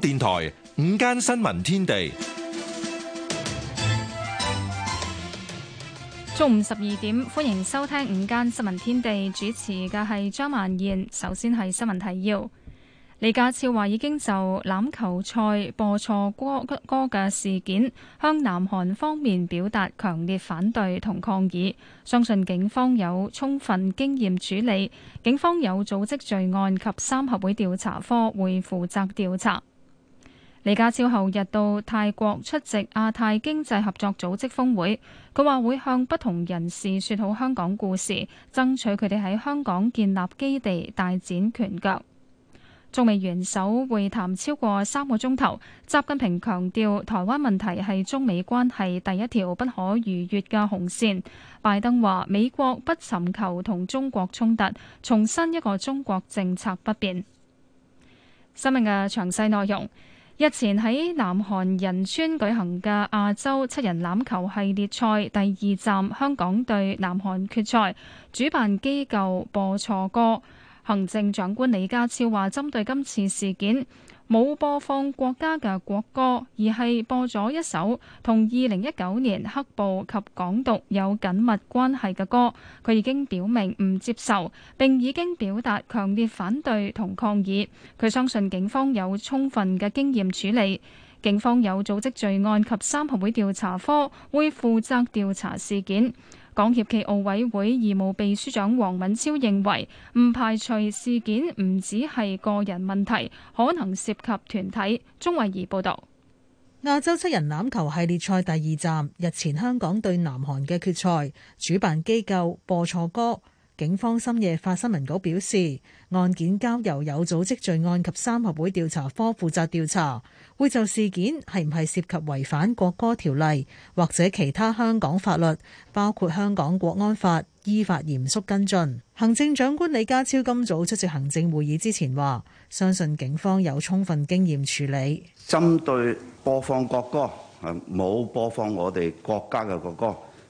電台午間新聞天地，中午十二點，歡迎收聽午間新聞天地。主持嘅係張曼燕。首先係新聞提要。李家超話已經就欖球賽播錯歌歌嘅事件，向南韓方面表達強烈反對同抗議。相信警方有充分經驗處理，警方有組織罪案及三合會調查科會負責調查。李家超後日到泰國出席亞太經濟合作組織峰會，佢話會向不同人士說好香港故事，爭取佢哋喺香港建立基地，大展拳腳。中美元首會談超過三個鐘頭，習近平強調台灣問題係中美關係第一條不可逾越嘅紅線。拜登話美國不尋求同中國衝突，重申一個中國政策不變。新聞嘅詳細內容。日前喺南韓仁川舉行嘅亞洲七人欖球系列賽第二站，香港對南韓決賽，主辦機構播錯歌。行政長官李家超話：針對今次事件，冇播放國家嘅國歌，而係播咗一首同二零一九年黑暴及港獨有緊密關係嘅歌。佢已經表明唔接受，並已經表達強烈反對同抗議。佢相信警方有充分嘅經驗處理，警方有組織罪案及三合會調查科會負責調查事件。港協暨奧委會義務秘書長黃敏超認為，唔排除事件唔只係個人問題，可能涉及團體。鍾慧儀報道：亞洲七人欖球系列賽第二站日前香港對南韓嘅決賽，主辦機構播錯歌，警方深夜發新聞稿表示。案件交由有組織罪案及三合會調查科負責調查，會就事件係唔係涉及違反國歌條例或者其他香港法律，包括香港國安法，依法嚴肅跟進。行政長官李家超今早出席行政會議之前話，相信警方有充分經驗處理。針對播放國歌，係冇播放我哋國家嘅國歌，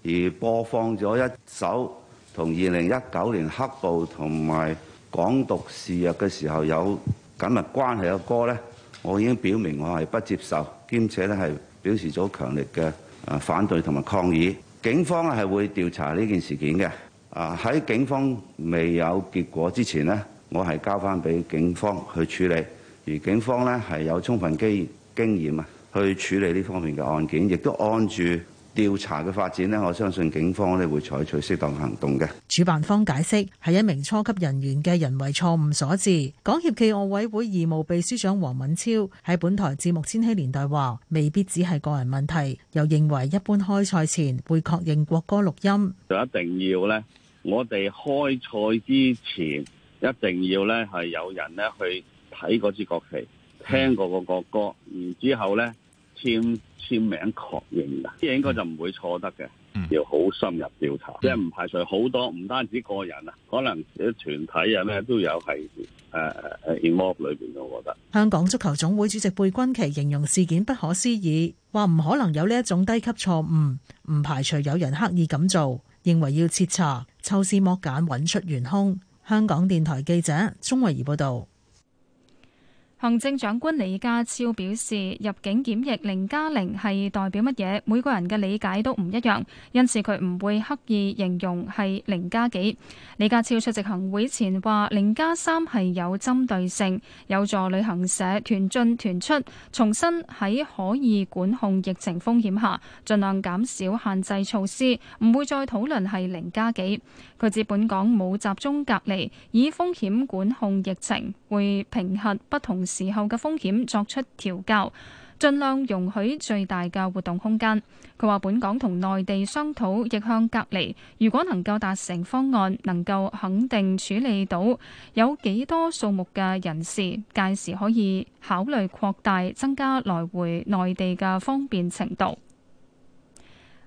而播放咗一首同二零一九年黑暴同埋港獨示弱嘅時候有緊密關係嘅歌呢，我已經表明我係不接受，兼且呢係表示咗強烈嘅反對同埋抗議。警方呢係會調查呢件事件嘅啊。喺警方未有結果之前呢，我係交返畀警方去處理。而警方呢，係有充分經經驗啊，去處理呢方面嘅案件，亦都按住。調查嘅發展呢，我相信警方呢會採取適當行動嘅。主辦方解釋係一名初級人員嘅人為錯誤所致。港協暨奧委會義務秘書長黃敏超喺本台節目《千禧年代》話，未必只係個人問題，又認為一般開賽前會確認國歌錄音，就一定要呢，我哋開賽之前一定要呢，係有人呢去睇嗰支國旗，聽嗰個國歌，然之後呢。簽簽名確認嘅，啲嘢應該就唔會錯得嘅，要好深入調查，即係唔排除好多，唔單止個人啊，可能團體啊咩都有係誒誒 involve 裏邊嘅，我覺得。香港足球總會主席貝鈞奇形容事件不可思議，話唔可能有呢一種低級錯誤，唔排除有人刻意咁做，認為要徹查，抽絲剝繭揾出元兇。香港電台記者鍾慧儀報道。行政長官李家超表示，入境檢疫零加零係代表乜嘢？每個人嘅理解都唔一樣，因此佢唔會刻意形容係零加幾。李家超出席行會前話：零加三係有針對性，有助旅行社團進團出，重新喺可以管控疫情風險下，盡量減少限制措施，唔會再討論係零加幾。佢指本港冇集中隔離，以風險管控疫情，會平衡不同時候嘅風險作出調校，盡量容許最大嘅活動空間。佢話：本港同內地商討逆向隔離，如果能夠達成方案，能夠肯定處理到有幾多數目嘅人士，屆時可以考慮擴大增加來回內地嘅方便程度。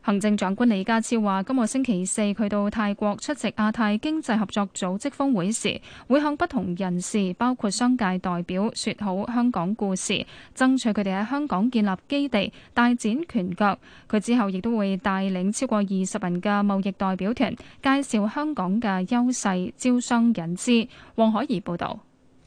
行政長官李家超話：今個星期四佢到泰國出席亞太經濟合作組織峰會時，會向不同人士，包括商界代表，説好香港故事，爭取佢哋喺香港建立基地，大展拳腳。佢之後亦都會帶領超過二十人嘅貿易代表團，介紹香港嘅優勢，招商引資。黃海怡報導。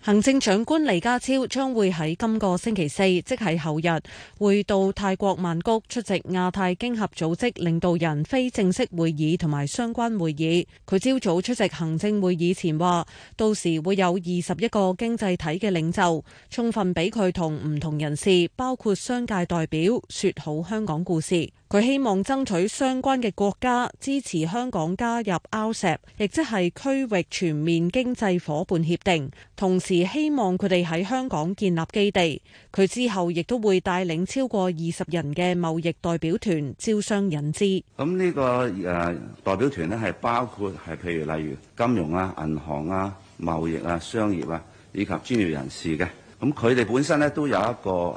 行政長官李家超將會喺今個星期四，即係後日，會到泰國曼谷出席亞太經合組織領導人非正式會議同埋相關會議。佢朝早出席行政會議前話，到時會有二十一個經濟體嘅領袖，充分俾佢同唔同人士，包括商界代表，說好香港故事。佢希望爭取相關嘅國家支持香港加入 RCEP，亦即係區域全面經濟夥伴協定，同時。而希望佢哋喺香港建立基地，佢之後亦都會帶領超過二十人嘅貿易代表團招商引資。咁呢個誒代表團咧係包括係譬如例如金融啊、銀行啊、貿易啊、商業啊，以及專業人士嘅。咁佢哋本身咧都有一個誒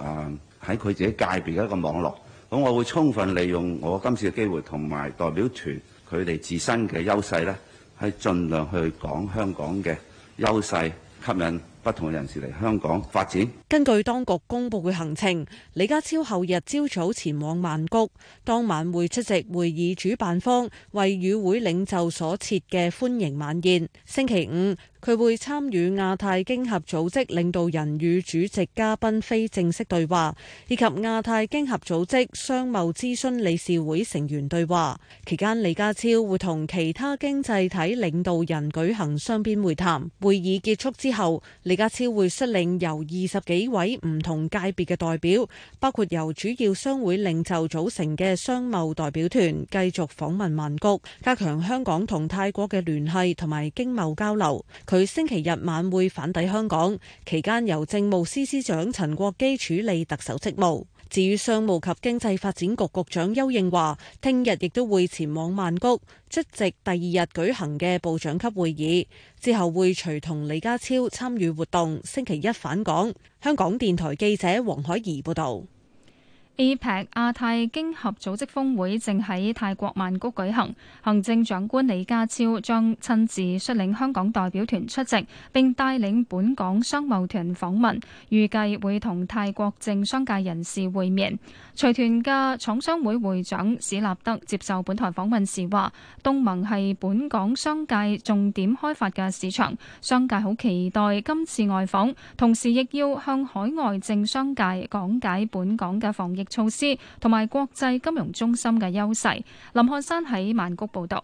喺佢自己界別嘅一個網絡。咁我會充分利用我今次嘅機會同埋代表團佢哋自身嘅優勢咧，係盡量去講香港嘅優勢吸引。不同人士嚟香港發展。根據當局公佈嘅行程，李家超後日朝早前往曼谷，當晚會出席會議主辦方為與會領袖所設嘅歡迎晚宴。星期五。佢會參與亞太經合組織領導人與主席嘉賓非正式對話，以及亞太經合組織商貿諮詢理事會成員對話。期間，李家超會同其他經濟體領導人舉行雙邊會談。會議結束之後，李家超會率領由二十幾位唔同界別嘅代表，包括由主要商會領袖組成嘅商貿代表團，繼續訪問曼谷，加強香港同泰國嘅聯繫同埋經貿交流。佢星期日晚會返抵香港，期間由政務司司長陳國基處理特首職務。至於商務及經濟發展局局長邱應華，聽日亦都會前往曼谷，出席第二日舉行嘅部長級會議之後會隨同李家超參與活動，星期一返港。香港電台記者黃海怡報道。APEC 亞太經合組織峰會正喺泰國曼谷舉行，行政長官李家超將親自率領香港代表團出席，並帶領本港商貿團訪問，預計會同泰國政商界人士會面。隨團嘅廠商會會長史立德接受本台訪問時話,東盟係本港商界重點開發嘅市場,商界好期待今次外訪,同時亦要向海外政商界講解本港嘅防疫措施同埋國際金融中心嘅優勢。林漢山喺曼谷報道。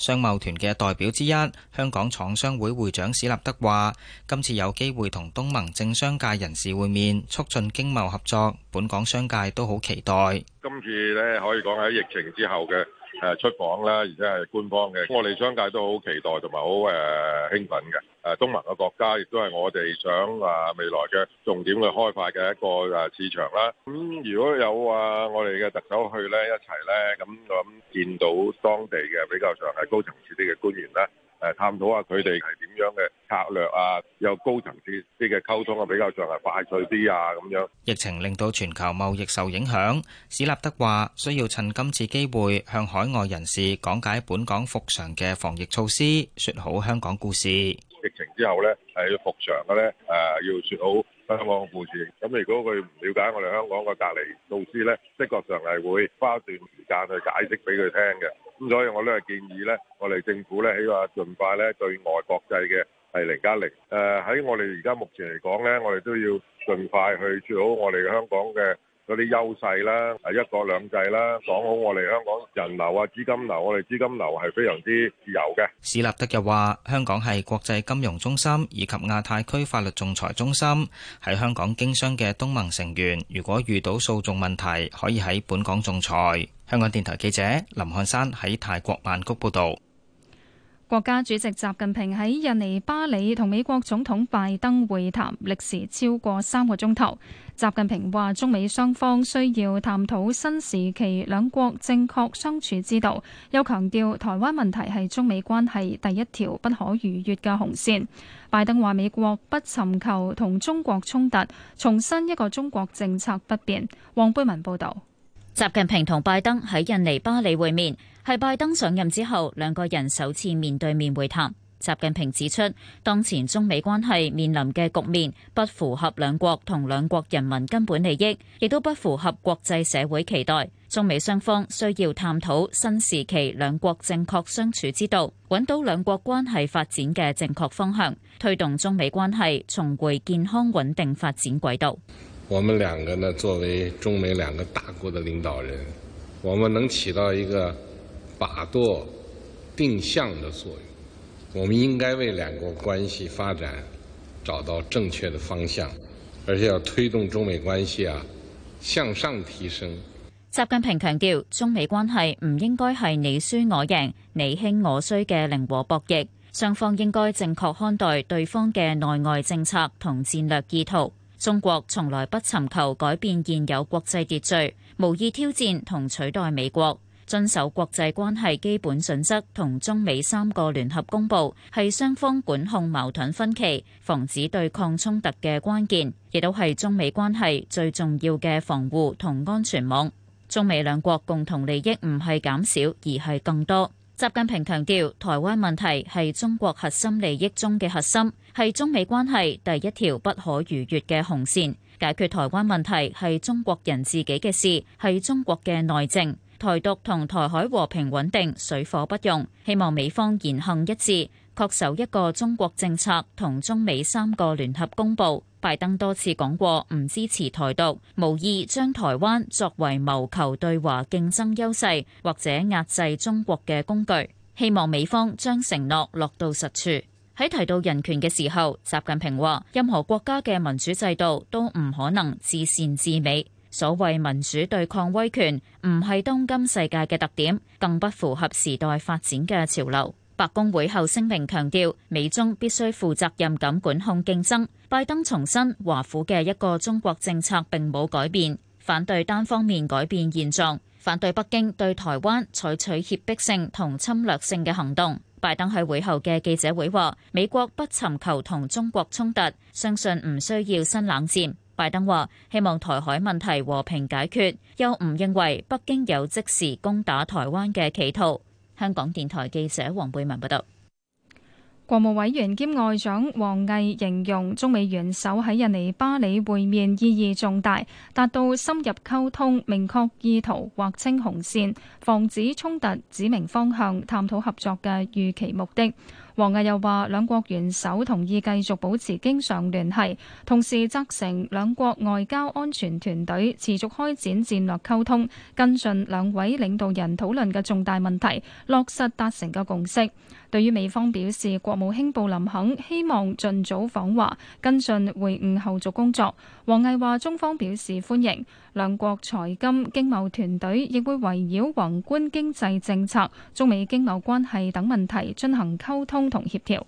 商貿團嘅代表之一、香港廠商會會長史立德話：今次有機會同東盟政商界人士會面，促進經貿合作，本港商界都好期待。今次咧可以講喺疫情之後嘅。誒出訪啦，而且係官方嘅，我哋商界都好期待同埋好誒興奮嘅。誒東盟嘅國家亦都係我哋想啊未來嘅重點去開發嘅一個誒市場啦。咁、嗯、如果有話、啊、我哋嘅特首去咧一齊咧，咁咁見到當地嘅比較上係高層次啲嘅官員咧。誒探討下佢哋係點樣嘅策略啊，有高層次啲嘅溝通啊，比較上係快脆啲啊咁樣。疫情令到全球貿易受影響，史立德話需要趁今次機會向海外人士講解本港復常嘅防疫措施，説好香港故事。疫情之後呢，係要復常嘅呢，誒要説好。香港附住，咁如果佢唔了解我哋香港嘅隔離措施呢，的確上係會花一段時間去解釋俾佢聽嘅。咁所以我都係建議呢，我哋政府呢，起話盡快呢，對外國際嘅係零加零。誒，喺、呃、我哋而家目前嚟講呢，我哋都要盡快去做好我哋香港嘅。嗰啲優勢啦，係一國兩制啦，講好我哋香港人流啊、資金流，我哋資金流係非常之自由嘅。史立德又話：香港係國際金融中心，以及亞太區法律仲裁中心。喺香港經商嘅東盟成員，如果遇到訴訟問題，可以喺本港仲裁。香港電台記者林漢山喺泰國曼谷報導。國家主席習近平喺印尼巴里同美國總統拜登會談，歷時超過三個鐘頭。習近平話中美雙方需要探討新時期兩國正確相處之道，又強調台灣問題係中美關係第一條不可逾越嘅紅線。拜登話美國不尋求同中國衝突，重申一個中國政策不變。黃貝文報道。習近平同拜登喺印尼巴里會面，係拜登上任之後兩個人首次面對面會談。習近平指出，當前中美關係面臨嘅局面不符合兩國同兩國人民根本利益，亦都不符合國際社會期待。中美雙方需要探討新時期兩國正確相處之道，揾到兩國關係發展嘅正確方向，推動中美關係重回健康穩定發展軌道。我們兩個呢，作為中美兩個大國的領導人，我們能起到一個把舵定向的作用。我們應該為兩國關係發展找到正確的方向，而且要推動中美關係啊向上提升。習近平強調，中美關係唔應該係你輸我贏、你興我衰嘅零和博弈，雙方應該正確看待對方嘅內外政策同戰略意圖。中國從來不尋求改變現有國際秩序，無意挑戰同取代美國，遵守國際關係基本準則同中美三個聯合公報，係雙方管控矛盾分歧、防止對抗衝突嘅關鍵，亦都係中美關係最重要嘅防護同安全網。中美兩國共同利益唔係減少，而係更多。習近平強調，台灣問題係中國核心利益中嘅核心，係中美關係第一條不可逾越嘅紅線。解決台灣問題係中國人自己嘅事，係中國嘅內政。台獨同台海和平穩定，水火不容，希望美方言行一致。恪守一個中國政策同中美三個聯合公佈。拜登多次講過唔支持台獨，無意將台灣作為謀求對華競爭優勢，或者壓制中國嘅工具。希望美方將承諾落到實處。喺提到人權嘅時候，習近平話：任何國家嘅民主制度都唔可能至善至美。所謂民主對抗威權，唔係當今世界嘅特點，更不符合時代發展嘅潮流。白宮會後聲明強調，美中必須負責任咁管控競爭。拜登重申，華府嘅一個中國政策並冇改變，反對單方面改變現狀，反對北京對台灣採取脅迫性同侵略性嘅行動。拜登喺會後嘅記者會話，美國不尋求同中國衝突，相信唔需要新冷戰。拜登話，希望台海問題和平解決，又唔認為北京有即時攻打台灣嘅企圖。香港電台記者黃貝文報道，國務委員兼外長王毅形容中美元首喺印尼巴厘會面意義重大，達到深入溝通、明確意圖、劃清紅線、防止衝突、指明方向、探討合作嘅預期目的。王毅又話：兩國元首同意繼續保持經常聯繫，同時責成兩國外交安全團隊持續開展戰略溝通，跟進兩位領導人討論嘅重大問題，落實達成嘅共識。對於美方表示國務卿布林肯希望盡早訪華，跟進會晤後續工作，王毅話中方表示歡迎，兩國財金經貿團隊亦會圍繞宏觀經濟政策、中美經貿關係等問題進行溝通同協調。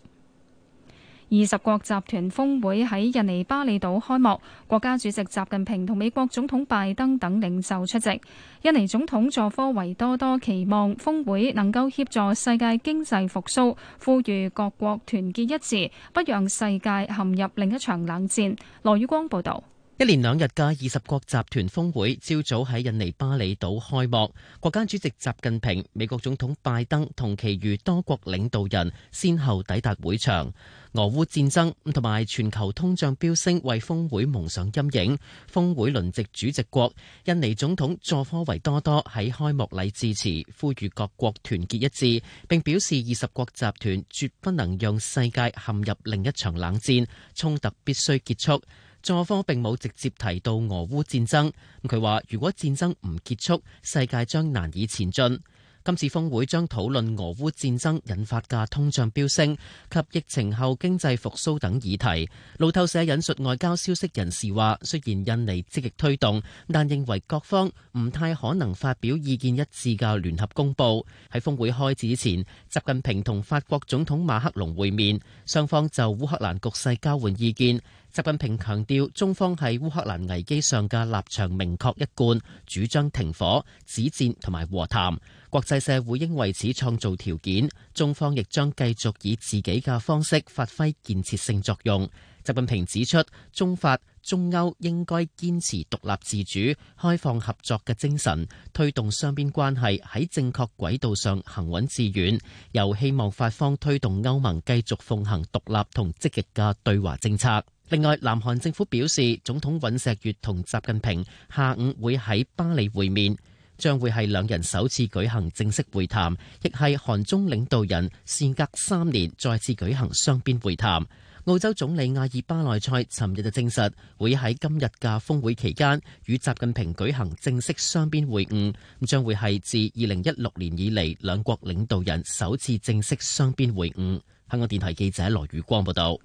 二十國集團峰會喺印尼巴厘島開幕，國家主席習近平同美國總統拜登等領袖出席。印尼總統佐科維多多期望峰會能夠協助世界經濟復甦，呼籲各國團結一致，不讓世界陷入另一場冷戰。羅宇光報道。一連兩日嘅二十國集團峰會，朝早喺印尼巴厘島開幕。國家主席習近平、美國總統拜登同其餘多國領導人先後抵達會場。俄烏戰爭同埋全球通脹飆升為峰會蒙上陰影。峰會輪值主席國印尼總統佐科維多多喺開幕禮致辭，呼籲各國團結一致，並表示二十國集團絕不能讓世界陷入另一場冷戰，衝突必須結束。佐科並冇直接提到俄烏戰爭。佢話：如果戰爭唔結束，世界將難以前進。今次峰會將討論俄烏戰爭引發嘅通脹飆升及疫情後經濟復甦等議題。路透社引述外交消息人士話：雖然印尼積極推動，但認為各方唔太可能發表意見一致嘅聯合公報。喺峰會開始前，習近平同法國總統馬克龍會面，雙方就烏克蘭局勢交換意見。習近平強調，中方喺烏克蘭危機上嘅立場明確一貫，主張停火、止戰同埋和談。國際社會應為此創造條件，中方亦將繼續以自己嘅方式發揮建設性作用。習近平指出，中法、中歐應該堅持獨立自主、開放合作嘅精神，推動雙邊關係喺正確軌道上行穩致遠。又希望法方推動歐盟繼續奉行獨立同積極嘅對華政策。另外，南韓政府表示，總統尹錫悅同習近平下午會喺巴黎會面，將會係兩人首次舉行正式會談，亦係韓中領導人事隔三年再次舉行雙邊會談。澳洲總理亞爾巴內塞尋日就證實會喺今日嘅峰會期間與習近平舉行正式雙邊會晤，咁將會係自二零一六年以嚟兩國領導人首次正式雙邊會晤。香港電台記者羅宇光報道。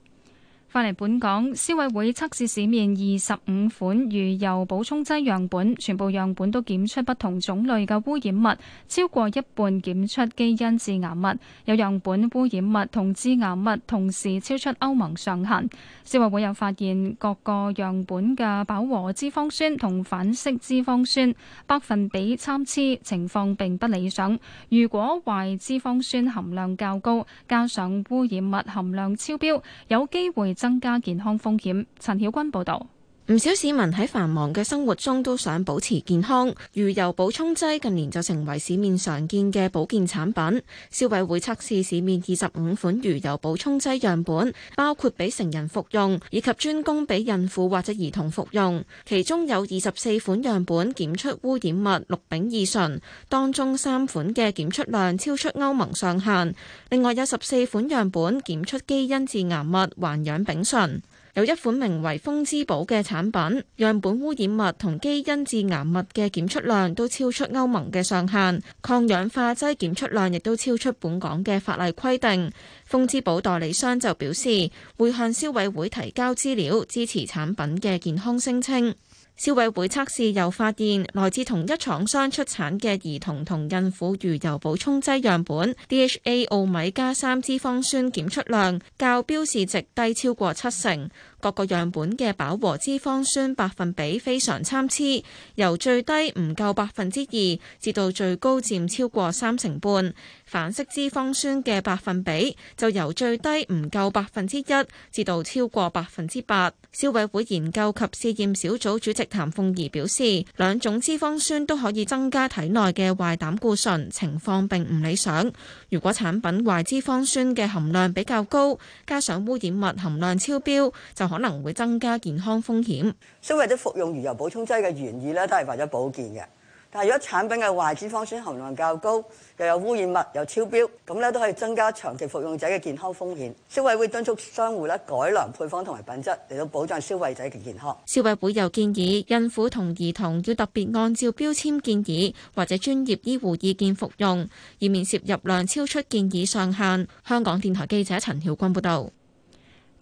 返嚟本港，消委會測試市面二十五款魚油補充劑樣本，全部樣本都檢出不同種類嘅污染物，超過一半檢出基因致癌物，有樣本污染物同致癌物同時超出歐盟上限。消委會又發現各個樣本嘅飽和脂肪酸同反式脂肪酸百分比參差，情況並不理想。如果壞脂肪酸含量較高，加上污染物含量超標，有機會增加健康風險。陳曉君報導。唔少市民喺繁忙嘅生活中都想保持健康，魚油補充劑近年就成為市面常見嘅保健產品。消委會測試市面二十五款魚油補充劑樣本，包括俾成人服用以及專供俾孕婦或者兒童服用。其中有二十四款樣本檢出污染物氯丙二醇，當中三款嘅檢出量超出歐盟上限。另外有十四款樣本檢出基因致癌物環氧丙醇。有一款名為「風之寶」嘅產品，樣本污染物同基因致癌物嘅檢出量都超出歐盟嘅上限，抗氧化劑檢出量亦都超出本港嘅法例規定。風之寶代理商就表示，會向消委會提交資料支持產品嘅健康聲稱。消委會測試又發現，來自同一廠商出產嘅兒童同孕婦魚油補充劑樣本，DHA 奧米加三脂肪酸檢出量較標示值低超過七成。各個樣本嘅飽和脂肪酸百分比非常參差，由最低唔夠百分之二，至到最高佔超過三成半，反式脂肪酸嘅百分比就由最低唔夠百分之一，至到超過百分之八。消委會研究及試驗小組主席譚鳳儀表示，兩種脂肪酸都可以增加體內嘅壞膽固醇，情況並唔理想。如果產品壞脂肪酸嘅含量比較高，加上污染物含量超標，就可能會增加健康風險。消費者服用魚油補充劑嘅原意咧，都係為咗保健嘅。但係如果產品嘅壞脂肪酸含量較高，又有污染物又超標，咁咧都可以增加長期服用者嘅健康風險。消委會敦促商戶咧改良配方同埋品質，嚟到保障消費者嘅健康。消委會又建議，孕婦同兒童要特別按照標籤建議或者專業醫護意見服用，以免攝入量超出建議上限。香港電台記者陳曉君報道。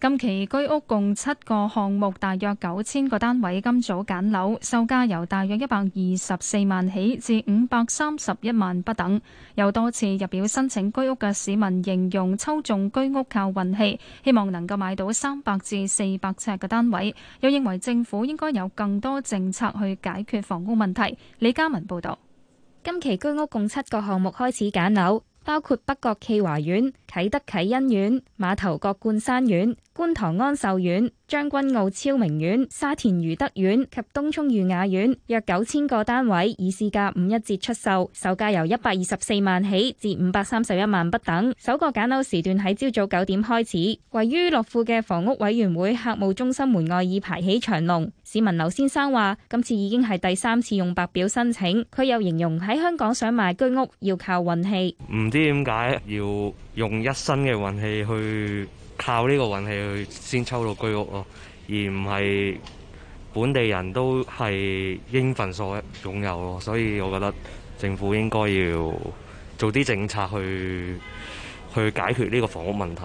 今期居屋共七個項目，大約九千個單位，今早揀樓，售價由大約一百二十四萬起至五百三十一萬不等。有多次入表申請居屋嘅市民形容抽中居屋靠運氣，希望能夠買到三百至四百尺嘅單位，又認為政府應該有更多政策去解決房屋問題。李嘉文報道。今期居屋共七個項目開始揀樓，包括北角暨華苑、啟德啟恩苑、馬頭角冠山苑、觀塘安秀苑、將軍澳昭明苑、沙田裕德苑及東涌裕雅苑約九千個單位，以市價五一折出售，售價由一百二十四萬起至五百三十一萬不等。首個揀樓時段喺朝早九點開始，位於樂富嘅房屋委員會客務中心門外已排起長龍。市民劉先生話，今次已經係第三次用白表申請，佢又形容喺香港想買居屋要靠運氣，唔知點解要用一身嘅運氣去。靠呢個運氣去先抽到居屋咯，而唔係本地人都係應份所擁有咯，所以我覺得政府應該要做啲政策去去解決呢個房屋問題。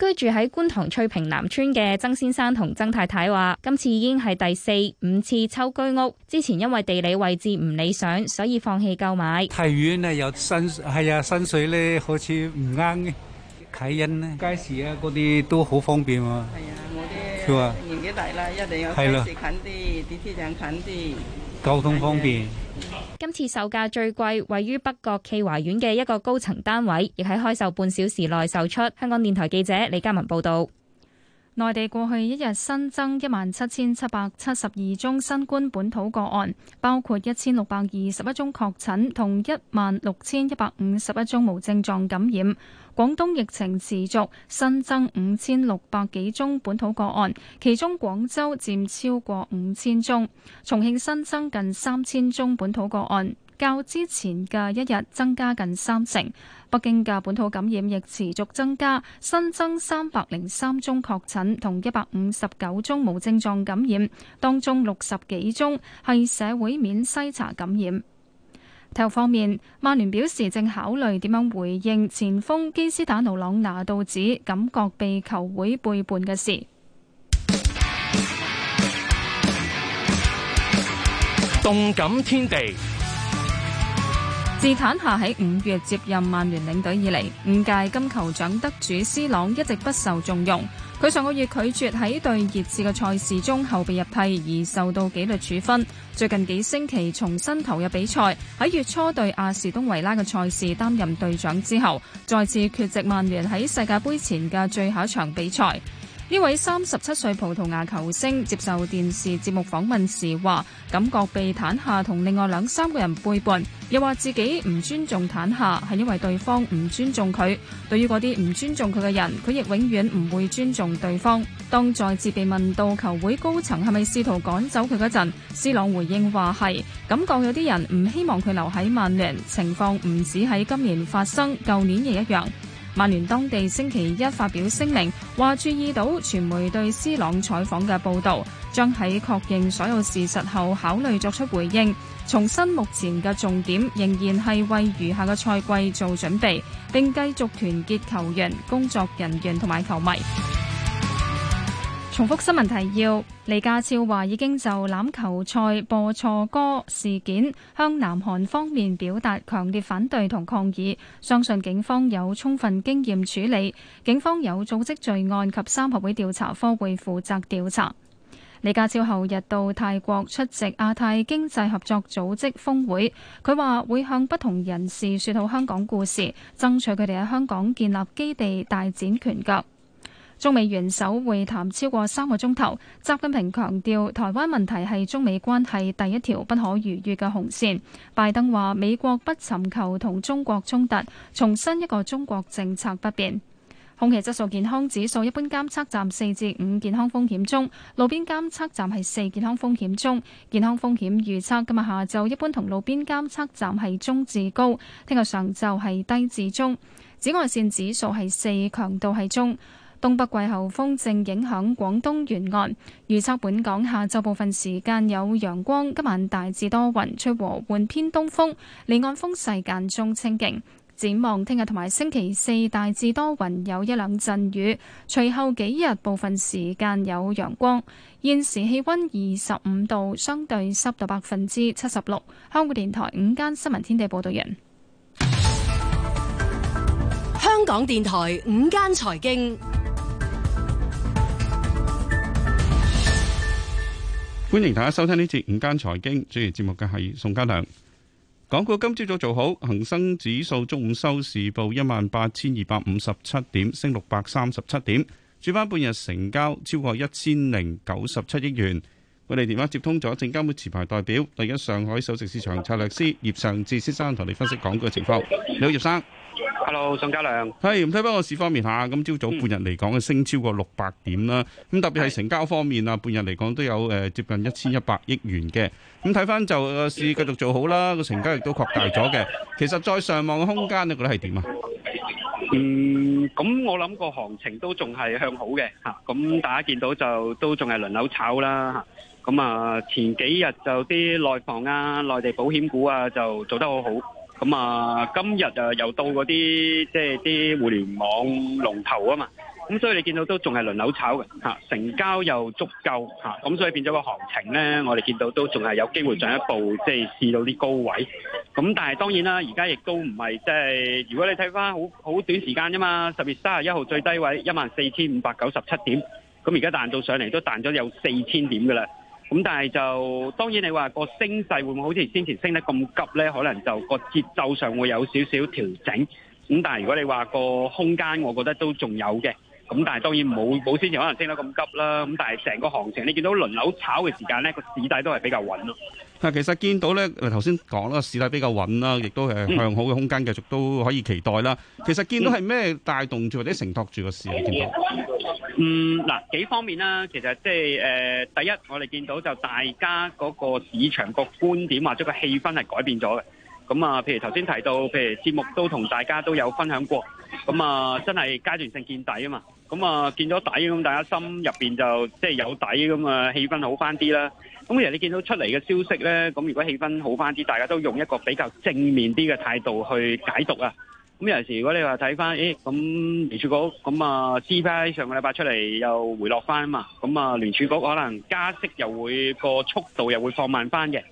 居住喺觀塘翠屏南村嘅曾先生同曾太太話：今次已經係第四五次抽居屋，之前因為地理位置唔理想，所以放棄購買。太遠啦，有薪係啊，薪水咧好似唔啱睇因呢，街市啊，嗰啲都好方便喎。係啊，我啲年紀大啦，一定要街市近啲，地鐵站近啲，交通方便。今次售價最貴，位於北角暨華苑嘅一個高層單位，亦喺開售半小時內售出。香港電台記者李嘉文報道。內地過去一日新增一萬七千七百七十二宗新冠本土個案，包括一千六百二十一宗確診，同一萬六千一百五十一宗無症狀感染。廣東疫情持續，新增五千六百幾宗本土個案，其中廣州佔超過五千宗。重慶新增近三千宗本土個案。較之前嘅一日增加近三成，北京嘅本土感染亦持續增加，新增三百零三宗確診同一百五十九宗無症狀感染，當中六十幾宗係社會面篩查感染。體育方面，曼聯表示正考慮點樣回應前鋒基斯坦奴朗拿度指感覺被球會背叛嘅事。動感天地。自坦下喺五月接任曼聯領隊以嚟，五屆金球獎得主斯朗一直不受重用。佢上個月拒絕喺對熱刺嘅賽事中後備入替而受到紀律處分，最近幾星期重新投入比賽。喺月初對阿士東維拉嘅賽事擔任隊長之後，再次缺席曼聯喺世界杯前嘅最後一場比賽。呢位三十七歲葡萄牙球星接受電視節目訪問時話感覺被坦下同另外兩三個人背叛，又話自己唔尊重坦下，係因為對方唔尊重佢。對於嗰啲唔尊重佢嘅人，佢亦永遠唔會尊重對方。當再次被問到球會高層係咪試圖趕走佢嗰陣，C 朗回應話，係感覺有啲人唔希望佢留喺曼聯，情況唔止喺今年發生，舊年亦一樣。曼聯當地星期一發表聲明，話注意到傳媒對斯朗採訪嘅報道，將喺確認所有事實後考慮作出回應。重申目前嘅重點仍然係為餘下嘅賽季做準備，並繼續團結球員、工作人員同埋球迷。重複新聞提要：李家超話已經就欖球賽播錯歌事件向南韓方面表達強烈反對同抗議，相信警方有充分經驗處理，警方有組織罪案及三合會調查科會負責調查。李家超後日到泰國出席亞太經濟合作組織峰會，佢話會向不同人士說好香港故事，爭取佢哋喺香港建立基地，大展拳腳。中美元首會談超過三個鐘頭，習近平強調台灣問題係中美關係第一條不可逾越嘅紅線。拜登話美國不尋求同中國衝突，重申一個中國政策不變。空氣質素健康指數一般監測站四至五健康風險中，路邊監測站係四健康風險中。健康風險預測今日下晝一般同路邊監測站係中至高，聽日上晝係低至中。紫外線指數係四，強度係中。東北季候風正影響廣東沿岸，預測本港下晝部分時間有陽光，今晚大致多雲，吹和緩偏東風，離岸風勢間中清勁。展望聽日同埋星期四大致多雲，有一兩陣雨，隨後幾日部分時間有陽光。現時氣溫二十五度，相對濕度百分之七十六。香港電台午間新聞天地報道完，香港電台午間財經。歡迎大家收聽呢節午間財經，主持節目嘅係宋家良。港股今朝早做好，恒生指數中午收市報一萬八千二百五十七點，升六百三十七點。主板半日成交超過一千零九十七億元。我哋電話接通咗證監會持牌代表，第一上海首席市場策略師葉尚志先生，同你分析港股嘅情況。你好，葉生。hello，宋家良係，咁睇翻個市方面吓，咁朝早半日嚟講嘅升超過六百點啦，咁特別係成交方面啊，半日嚟講都有誒接近一千一百億元嘅，咁睇翻就市繼續做好啦，個成交亦都擴大咗嘅。其實再上望嘅空間，你覺得係點啊？嗯，咁我諗個行情都仲係向好嘅吓，咁大家見到就都仲係輪流炒啦，咁啊前幾日就啲內房啊、內地保險股啊就做得好好。咁啊，今日啊又到嗰啲即係啲互聯網龍頭啊嘛，咁所以你見到都仲係輪流炒嘅嚇、啊，成交又足夠嚇，咁、啊、所以變咗個行情咧，我哋見到都仲係有機會進一步即係、就是、試到啲高位。咁、啊、但係當然啦，而家亦都唔係即係如果你睇返好好短時間啫嘛，十月三十一號最低位一萬四千五百九十七點，咁而家彈到上嚟都彈咗有四千點㗎喇。咁、嗯、但係就當然你話個升勢會唔會好似先前升得咁急咧？可能就個節奏上會有少少調整。咁但係如果你話個空間，我覺得都仲有嘅。咁但係當然冇冇先前可能升得咁急啦。咁但係成個行情，你見到輪流炒嘅時間咧，個市底都係比較穩咯。嗱，其實見到咧，頭先講啦，市底比較穩啦，亦都係向好嘅空間繼續都可以期待啦。嗯、其實見到係咩帶動住或者承托住個市啊？嗯你嗯，嗱，幾方面啦、啊，其實即係誒，第一我哋見到就大家嗰個市場個觀點或者個氣氛係改變咗嘅。咁啊，譬如頭先提到，譬如節目都同大家都有分享過。咁啊，真係階段性見底啊嘛。咁啊，見咗底，咁大家心入邊就即係、就係、有底，咁啊氣氛好翻啲啦。咁其實你見到出嚟嘅消息咧，咁如果氣氛好翻啲，大家都用一個比較正面啲嘅態度去解讀啊。咁有時如果你話睇翻，咦咁、欸、聯儲局咁啊，CPI 上個禮拜出嚟又回落翻嘛，咁啊聯儲局可能加息又會個速度又會放慢翻嘅。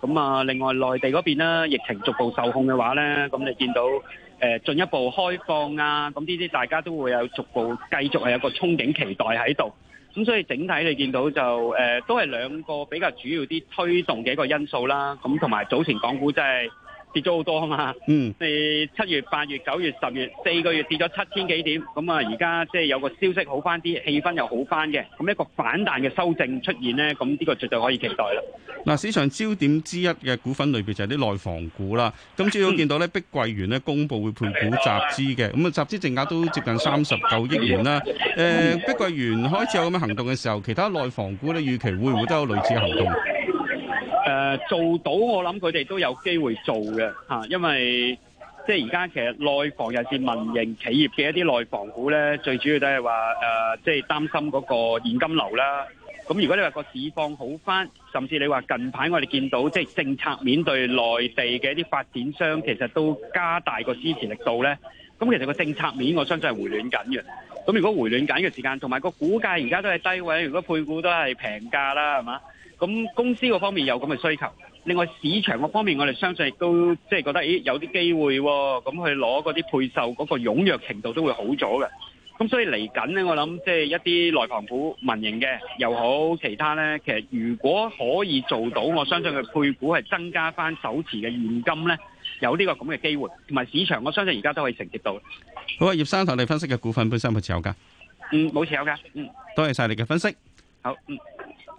咁啊，另外內地嗰邊咧，疫情逐步受控嘅話咧，咁你見到誒、呃、進一步開放啊，咁呢啲大家都會有逐步繼續係有個憧憬期待喺度。咁所以整體你見到就誒、呃，都係兩個比較主要啲推動嘅一個因素啦。咁同埋早前港股即係，跌咗好多啊嘛，嗯，誒七月、八月、九月、十月四個月跌咗七千幾點，咁啊而家即係有個消息好翻啲，氣氛又好翻嘅，咁、嗯、一個反彈嘅修正出現呢，咁、嗯、呢、這個絕對可以期待啦。嗱、嗯，市場焦點之一嘅股份類別就係啲內房股啦。咁朝早見到咧，碧桂園呢公佈會配股集資嘅，咁啊集資淨額都接近三十九億元啦。誒、呃，嗯、碧桂園開始有咁嘅行動嘅時候，其他內房股咧預期會唔會都有類似嘅行動？誒、呃，做到我諗佢哋都有機會做嘅，吓、啊，因為即係而家其實內房尤其是民營企業嘅一啲內房股咧，最主要都係話誒，即係擔心嗰個現金流啦。咁、嗯、如果你話個市況好翻，甚至你話近排我哋見到即係政策面對內地嘅一啲發展商，其實都加大個支持力度咧。咁、嗯、其實個政策面我相信係回暖緊嘅。咁、嗯、如果回暖緊嘅時間，同埋個股價而家都係低位，如果配股都係平價啦，係嘛？咁公司嗰方面有咁嘅需求，另外市場嗰方面，我哋相信亦都即係覺得，咦有啲機會喎、哦，咁去攞嗰啲配售嗰個踴躍程度都會好咗嘅。咁、嗯、所以嚟緊咧，我諗即係一啲內房股民、民營嘅又好，其他咧，其實如果可以做到，我相信佢配股係增加翻手持嘅現金咧，有呢個咁嘅機會，同埋市場我相信而家都可以承接到。好啊，葉生同你分析嘅股份本身有冇持有噶、嗯？嗯，冇持有噶。嗯，多謝晒你嘅分析。好，嗯。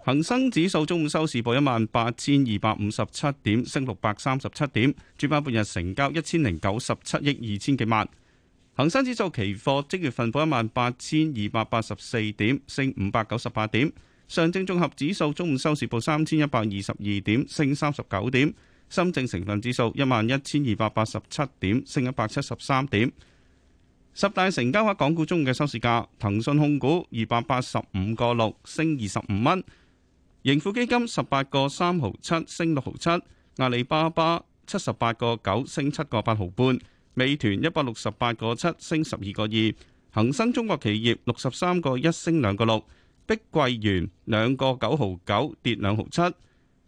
恒生指數中午收市報一萬八千二百五十七點，升六百三十七點。主板半日成交一千零九十七億二千幾萬。恒生指數期貨即月份報一萬八千二百八十四點，升五百九十八點。上證綜合指數中午收市報三千一百二十二點，升三十九點。深證成份指數一萬一千二百八十七點，升一百七十三點。十大成交額港股中午嘅收市價，騰訊控股二百八十五個六，升二十五蚊。盈富基金十八個三毫七升六毫七，阿里巴巴七十八個九升七個八毫半，美團一百六十八個七升十二個二，恒生中國企業六十三個一升兩個六，碧桂園兩個九毫九跌兩毫七，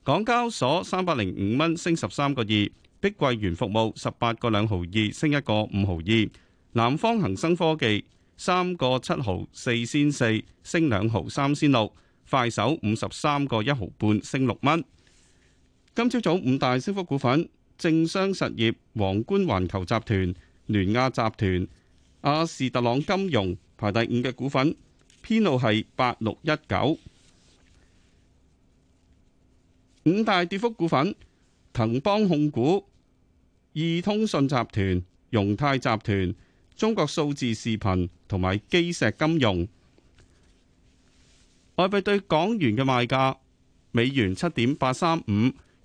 港交所三百零五蚊升十三個二，碧桂園服務十八個兩毫二升一個五毫二，南方恒生科技三個七毫四先四升兩毫三先六。快手五十三個一毫半，升六蚊。今朝早，早五大升幅股份：正商實業、皇冠環球集團、聯亞集團、阿士特朗金融，排第五嘅股份，編號係八六一九。五大跌幅股份：騰邦控股、易通訊集團、融泰集團、中國數字視頻同埋基石金融。外幣對港元嘅賣價：美元七點八三五，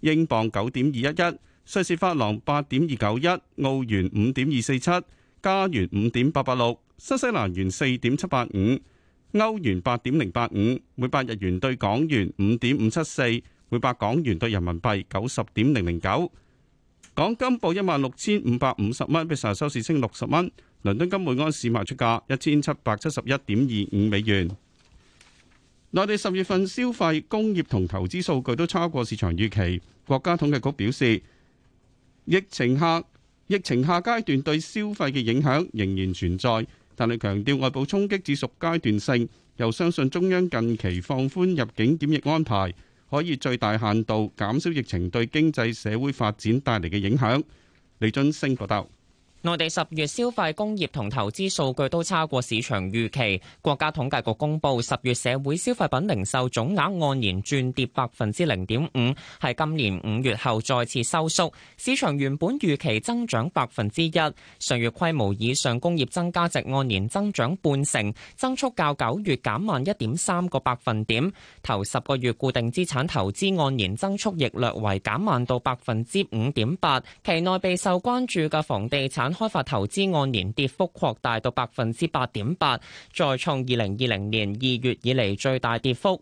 英鎊九點二一一，瑞士法郎八點二九一，澳元五點二四七，加元五點八八六，新西蘭元四點七八五，歐元八點零八五。每百日元對港元五點五七四，每百港元對人民幣九十點零零九。港金報一萬六千五百五十蚊，比上日收市升六十蚊。倫敦金每安士賣出價一千七百七十一點二五美元。內地十月份消費、工業同投資數據都差過市場預期。國家統計局表示，疫情下疫情下階段對消費嘅影響仍然存在，但係強調外部衝擊只屬階段性，又相信中央近期放寬入境檢疫安排，可以最大限度減少疫情對經濟社會發展帶嚟嘅影響。李俊升報道。內地十月消費、工業同投資數據都差過市場預期。國家統計局公布十月社會消費品零售總額按年轉跌百分之零點五，係今年五月後再次收縮。市場原本預期增長百分之一。上月規模以上工業增加值按年增長半成，增速較九月減慢一點三個百分點。頭十個月固定資產投資按年增速亦略為減慢到百分之五點八。期內備受關注嘅房地產。開發投資按年跌幅擴大到百分之八點八，再創二零二零年二月以嚟最大跌幅。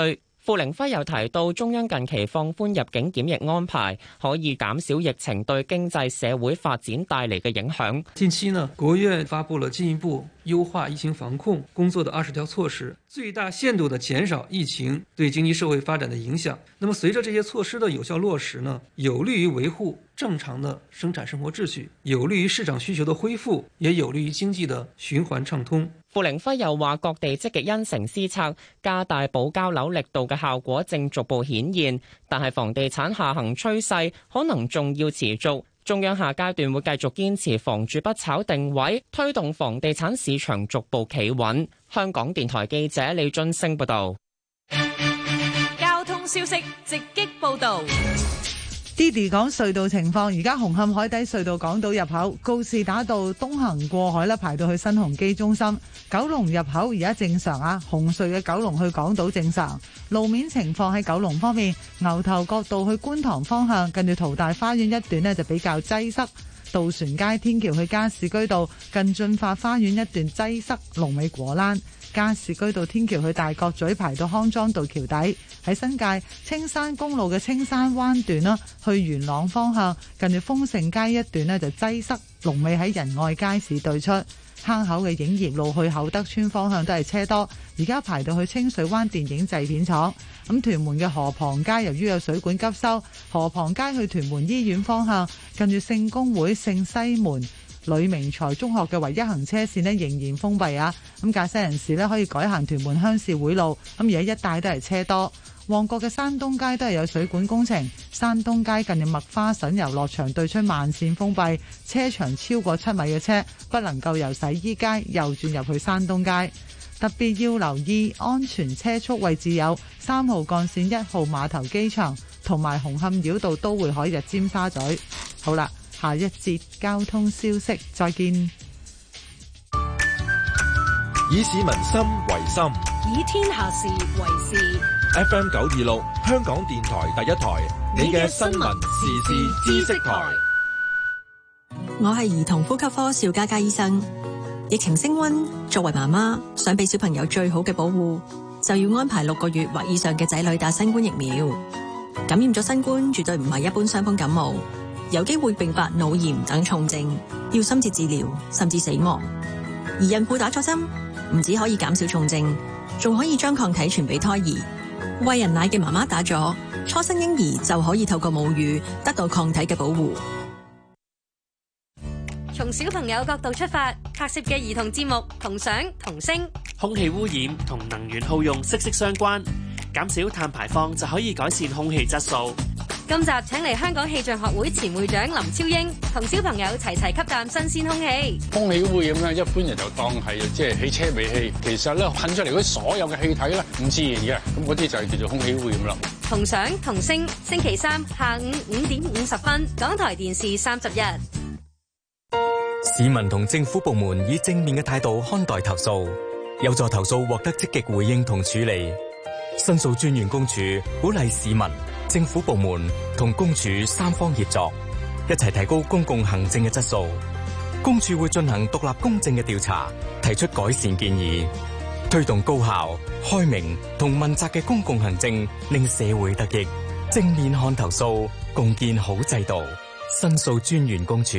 對，傅凌輝又提到，中央近期放寬入境檢疫安排，可以減少疫情對經濟社會發展帶嚟嘅影響。近期呢，國務院發布了進一步優化疫情防控工作的二十條措施，最大限度的減少疫情對經濟社會發展的影響。那麼，隨着這些措施的有效落實呢，有利於維護正常的生產生活秩序，有利於市場需求的恢復，也有利於經濟的循環暢通。傅靈輝又話，各地積極因城施策，加大保交樓力度嘅效果正逐步顯現，但係房地產下行趨勢可能仲要持續。中央下階段會繼續堅持房住不炒定位，推動房地產市場逐步企穩。香港電台記者李津升報道。交通消息直擊報道。Didi 講隧道情況，而家紅磡海底隧道港島入口告士打道東行過海咧，排到去新鴻基中心；九龍入口而家正常啊，紅隧嘅九龍去港島正常。路面情況喺九龍方面，牛頭角道去觀塘方向，近住淘大花園一段咧就比較擠塞；渡船街天橋去加士居道，近駿發花園一段擠塞；龍尾果欄。加士居道天橋去大角咀排到康莊道橋底，喺新界青山公路嘅青山灣段啦，去元朗方向，近住豐盛街一段呢就擠塞，龍尾喺仁愛街市對出。坑口嘅影業路去厚德邨方向都係車多，而家排到去清水灣電影製片廠。咁屯門嘅河旁街由於有水管急修，河旁街去屯門醫院方向，近住聖公會聖西門，呂明才中學嘅唯一行車線咧仍然封閉啊！咁駕駛人士咧可以改行屯門鄉事會路。咁而家一帶都係車多。旺角嘅山東街都係有水管工程。山東街近嘅麥花臣遊樂場對出慢線封閉，車長超過七米嘅車不能夠由洗衣街右轉入去山東街。特別要留意安全車速位置有三號幹線一號碼頭機場同埋紅磡繞道都會可以入尖沙咀。好啦。下一節交通消息，再見。以市民心為心，以天下事為事。FM 九二六，香港電台第一台，你嘅新聞時事知識台。我係兒童呼吸科邵嘉嘉醫生。疫情升溫，作為媽媽，想俾小朋友最好嘅保護，就要安排六個月或以上嘅仔女打新冠疫苗。感染咗新冠，絕對唔係一般傷風感冒。有機會併發腦炎等重症，要深切治療甚至死亡。而孕婦打咗針唔止可以減少重症，仲可以將抗體傳俾胎兒。餵人奶嘅媽媽打咗，初生嬰兒就可以透過母乳得到抗體嘅保護。從小朋友角度出發拍攝嘅兒童節目，同想同聲。空氣污染同能源耗用息息相關，減少碳排放就可以改善空氣質素。今集請嚟香港氣象學會前會長林超英，同小朋友齊齊吸啖新鮮空氣。空氣污染咧，一般人就當係即係汽車尾氣，其實咧噴出嚟嗰啲所有嘅氣體咧唔自然嘅，咁嗰啲就係叫做空氣污染啦。同上，同聲，星期三下午五點五十分，港台電視三十一。市民同政府部門以正面嘅態度看待投訴，有助投訴獲得積極回應同處理。申訴專員公署鼓勵市民。政府部門同公署三方協作，一齊提高公共行政嘅質素。公署會進行獨立公正嘅調查，提出改善建議，推動高效、開明同問責嘅公共行政，令社會得益。正面看投訴，共建好制度。申訴專員公署。